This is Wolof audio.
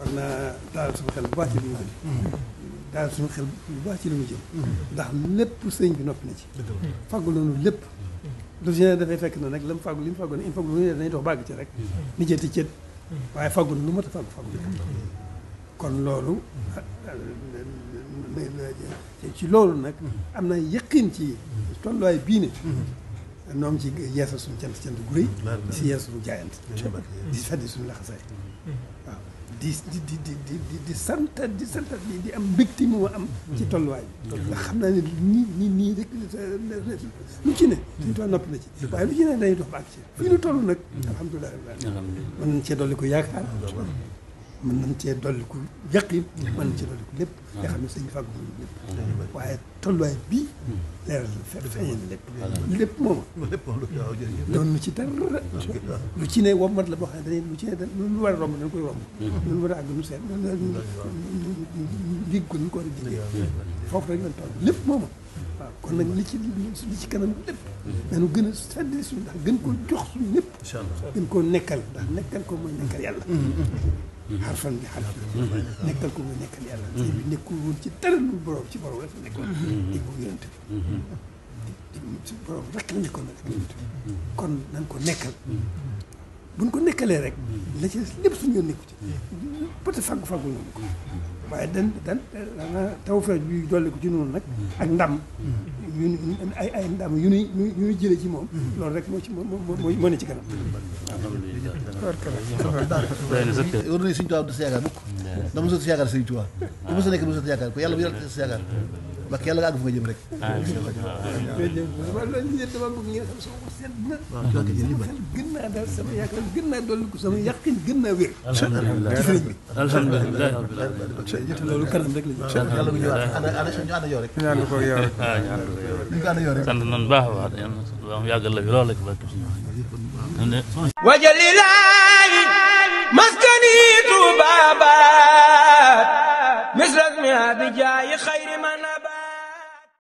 war naa daal suñu xel bu baax ci li mu jëm xel bu baax ci li mu jëm ndax lépp sëñ bi nopp na ci fàggu loonu lépp lu si ne dafay fekk na nag la mu fàggu li mu fàggu ne il faut lu ci rek ni jëti cët waaye fàggu lu mat a fàggu kon loolu ci loolu nag am na yëqin ci tolluwaay bii ne noom ci yeesal suñu cant cant gu rëy si yeesal suñu jaayant di feddi suñu laxasaay waaw di di di di di sant di sant di di am mbégte mu am. ci tolluwaay bi. ndax xam naa ne nii nii nii rek lu ci ne. suñu tool noppi na ci waaye lu ci ne dañuy dox ba ak ci fii lu toll nag. Mm-hmm. alhamdulilah mën cee dolli ko yaakaar. mën na cee dolliku yaqin mën nañ cee dolliku lépp ah. nga xam ne sëñ fàggu ñu lépp ah. Ah. waaye tolluwaay bii hmm. leeral fekk feeñal lépp lépp moom doon lu ci dara lu ci ne wommat la boo xam ne dañuy lu ci ne lu war a romb dañ koy romb hmm. a àgg nu seet ndig ko ñu ko war a lépp moom waaw kon nag li ci li kanam lépp dañu hmm. gën a seddli suñu ndax gën koo jox suñu lépp gën koo nekkal ndax nekkal ko mooy nekkal yàlla xarfan bi xarfan mm-hmm. nekkal ko mu nekkal yàlla mm-hmm. sëñ bi nekkul woon ci dara lu borom ci borom rek la nekkoon mm-hmm. dégg yonent bi ci kon nan ko nekkal buñ ko nekkalee rek la ci lépp suñu yoon nekku ci peut-être fàggu fàggul nañu ko waaye dan dan dana tawfeex bi dolli ko ci noonu nag ak ndam yu ay ay ndam yu nuy yu nuy jëlee ci moom loolu rek moo ci moo moo moo ne ci kanam doy na sëkk war na Sëriñ Tuubaa du sa yaakaar mukk da mosoo si yaakaar Sëriñ Tuubaa du mos a nekk mosoo si yaakaar ko yàlla bu yàlla sa yaakaar ba yàlla nga àgg fa nga jëm rek. waaw ah, ah, loolu yëpp dama bëgg ngeen xam sama xol sedd na. waaw ci wàllu gën naa daal sama yaakaar gën naa dolli ko sama yàqin gën naa wér. alhamdulilah ci sëriñ bi. alhamdulilah loolu kanam rek la ñu. yàlla bu ñu wax ana ana ñu ànd yow rek. ñu ànd ko yow rek. waaw ah, ñu ànd ko yow rek. ñu ànd yow rek. sant nañu baax a baax yàlla na sant baax mu yàggal la fi lool rek barke si ñoom. wajalilaayi maskani tuuba baat misras mi abi jaayi xayri man